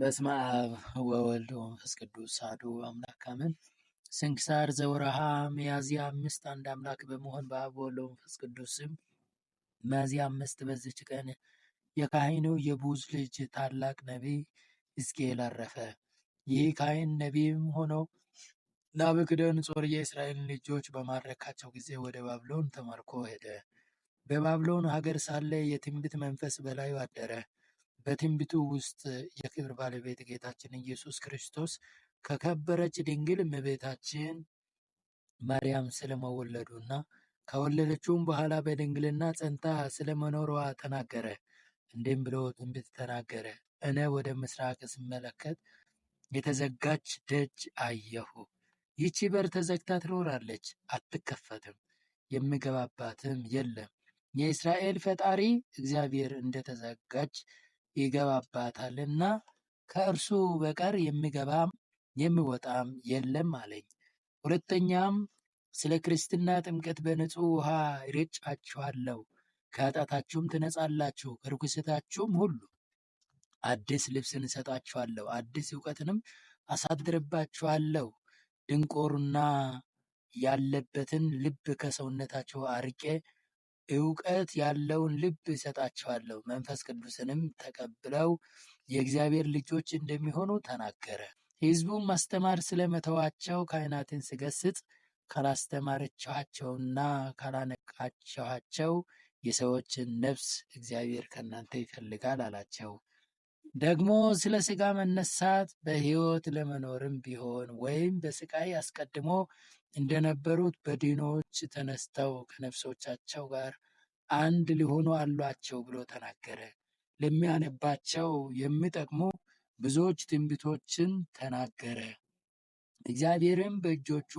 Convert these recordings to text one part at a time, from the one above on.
በስመ አብ ወወልድ ወመንፈስ ቅዱስ አሐዱ አምላክ አሜን። ስንክሳር ዘወርኀ ሚያዝያ አምስት አንድ አምላክ በመሆን በአብ ወወልድ ወመንፈስ ቅዱስ ስም ሚያዝያ አምስት በዚች ቀን የካህኑ የቡዝ ልጅ ታላቅ ነቢይ ሕዝቅኤል አረፈ። ይህ ካህን ነቢይም ሆኖ ናቡከደነፆር የእስራኤልን ልጆች በማረካቸው ጊዜ ወደ ባቢሎን ተማርኮ ሄደ። በባቢሎን ሀገር ሳለ የትንቢት መንፈስ በላዩ አደረ። በትንቢቱ ውስጥ የክብር ባለቤት ጌታችን ኢየሱስ ክርስቶስ ከከበረች ድንግል እመቤታችን ማርያም ስለመወለዱና ከወለደችውም በኋላ በድንግልና ጸንታ ስለመኖሯ ተናገረ። እንዲህም ብሎ ትንቢት ተናገረ። እኔ ወደ ምስራቅ ስመለከት የተዘጋች ደጅ አየሁ። ይቺ በር ተዘግታ ትኖራለች፣ አትከፈትም፣ የሚገባባትም የለም። የእስራኤል ፈጣሪ እግዚአብሔር እንደተዘጋች ይገባባታልና ከእርሱ በቀር የሚገባም የሚወጣም የለም አለኝ። ሁለተኛም ስለ ክርስትና ጥምቀት በንጹህ ውሃ ይረጫችኋለሁ፣ ከኃጢአታችሁም ትነጻላችሁ፣ ከርኩሰታችሁም ሁሉ አዲስ ልብስን እሰጣችኋለሁ፣ አዲስ እውቀትንም አሳድርባችኋለሁ። ድንቁርና ያለበትን ልብ ከሰውነታችሁ አርቄ እውቀት ያለውን ልብ እሰጣቸዋለሁ፣ መንፈስ ቅዱስንም ተቀብለው የእግዚአብሔር ልጆች እንደሚሆኑ ተናገረ። ሕዝቡን ማስተማር ስለመተዋቸው ካህናትን ስገስጽ ካላስተማረችኋቸውና ካላነቃችኋቸው የሰዎችን ነፍስ እግዚአብሔር ከእናንተ ይፈልጋል አላቸው። ደግሞ ስለ ሥጋ መነሳት በሕይወት ለመኖርም ቢሆን ወይም በስቃይ አስቀድሞ እንደነበሩት በድኖች ተነስተው ከነፍሶቻቸው ጋር አንድ ሊሆኑ አሏቸው ብሎ ተናገረ። ለሚያነባቸው የሚጠቅሙ ብዙዎች ትንቢቶችን ተናገረ። እግዚአብሔርም በእጆቹ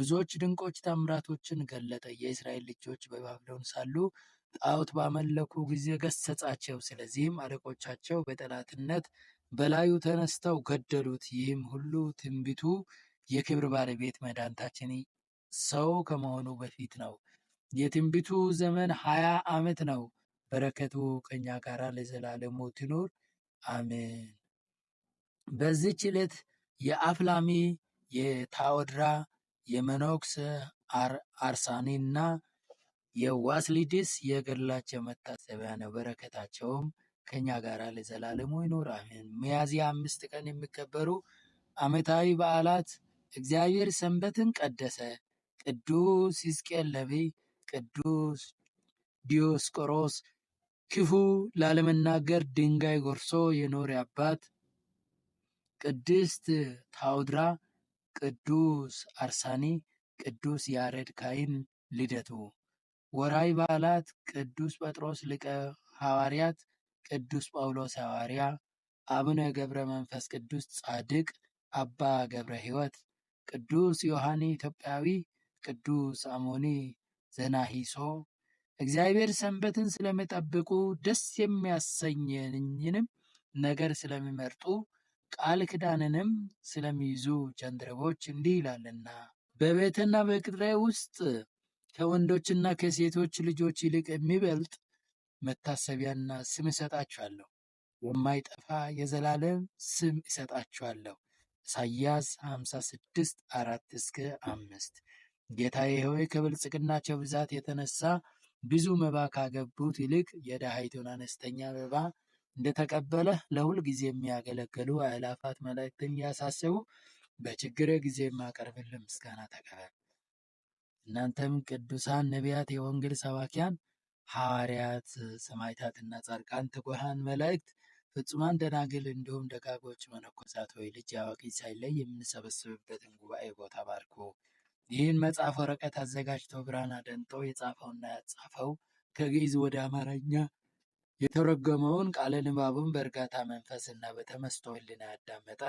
ብዙዎች ድንቆች ታምራቶችን ገለጠ። የእስራኤል ልጆች በባቢሎን ሳሉ ጣዖት ባመለኩ ጊዜ ገሰጻቸው። ስለዚህም አለቆቻቸው በጠላትነት በላዩ ተነስተው ገደሉት። ይህም ሁሉ ትንቢቱ የክብር ባለቤት መድኃኒታችን ሰው ከመሆኑ በፊት ነው። የትንቢቱ ዘመን ሀያ ዓመት ነው። በረከቱ ከኛ ጋር ለዘላለሙ ትኑር አሜን። በዚች ዕለት የአፍላሚ፣ የታወድራ፣ የመኖክስ አርሳኔና። የዋህ ስልድስ የገድላቸው መታሰቢያ ነው። በረከታቸውም ከኛ ጋር ለዘላለሙ ይኑር አሜን። ሚያዝያ አምስት ቀን የሚከበሩ ዓመታዊ በዓላት እግዚአብሔር ሰንበትን ቀደሰ። ቅዱስ ሕዝቅኤል ነቢይ፣ ቅዱስ ዲዮስቆሮስ ክፉ ላለመናገር ድንጋይ ጎርሶ የኖረ አባት፣ ቅድስት ታውድራ፣ ቅዱስ አርሳኒ፣ ቅዱስ ያሬድ ካህን ልደቱ ወርኃዊ በዓላት ቅዱስ ጴጥሮስ ሊቀ ሐዋርያት፣ ቅዱስ ጳውሎስ ሐዋርያ፣ አቡነ ገብረ መንፈስ ቅዱስ ጻድቅ፣ አባ ገብረ ሕይወት፣ ቅዱስ ዮሐኒ ኢትዮጵያዊ፣ ቅዱስ አሞኒ ዘናሂሶ እግዚአብሔር ሰንበትን ስለሚጠብቁ ደስ የሚያሰኝንም ነገር ስለሚመርጡ ቃል ክዳንንም ስለሚይዙ ጃንደረቦች እንዲህ ይላልና በቤትና በቅጥሬ ውስጥ ከወንዶችና ከሴቶች ልጆች ይልቅ የሚበልጥ መታሰቢያና ስም እሰጣችኋለሁ፣ የማይጠፋ የዘላለም ስም እሰጣችኋለሁ። ኢሳያስ 56 4 እስከ 5 ጌታዬ ሆይ ከብልጽግናቸው ብዛት የተነሳ ብዙ መባ ካገቡት ይልቅ የድሃይቱን አነስተኛ መባ እንደተቀበለ ለሁል ጊዜ የሚያገለግሉ አእላፋት መላእክትን እያሳሰቡ በችግር ጊዜ የማቀርብልን ምስጋና ተቀበል። እናንተም ቅዱሳን ነቢያት፣ የወንጌል ሰባኪያን ሐዋርያት፣ ሰማዕታትና ጻድቃን፣ ትጉሃን መላእክት፣ ፍጹማን ደናግል እንዲሁም ደጋጎች መነኮሳት ወይ ልጅ አዋቂ ሳይለይ የምንሰበስብበትን ጉባኤ ቦታ ባርኩ። ይህን መጽሐፍ ወረቀት አዘጋጅተው ብራና ደንጠው የጻፈውና ያጻፈው ከግዕዝ ወደ አማርኛ የተረጎመውን ቃለ ንባቡን በእርጋታ መንፈስ እና በተመስጦ ሕሊና ያዳመጠ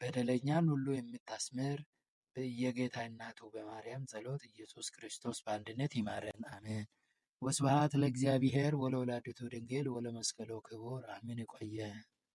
በደለኛን ሁሉ የምታስምር የጌታ እናቱ በማርያም ጸሎት ኢየሱስ ክርስቶስ በአንድነት ይማረን፣ አሜን። ወስብሐት ለእግዚአብሔር ወለወላዲቱ ድንግል ወለመስቀሉ ክቡር አሜን። ይቆየ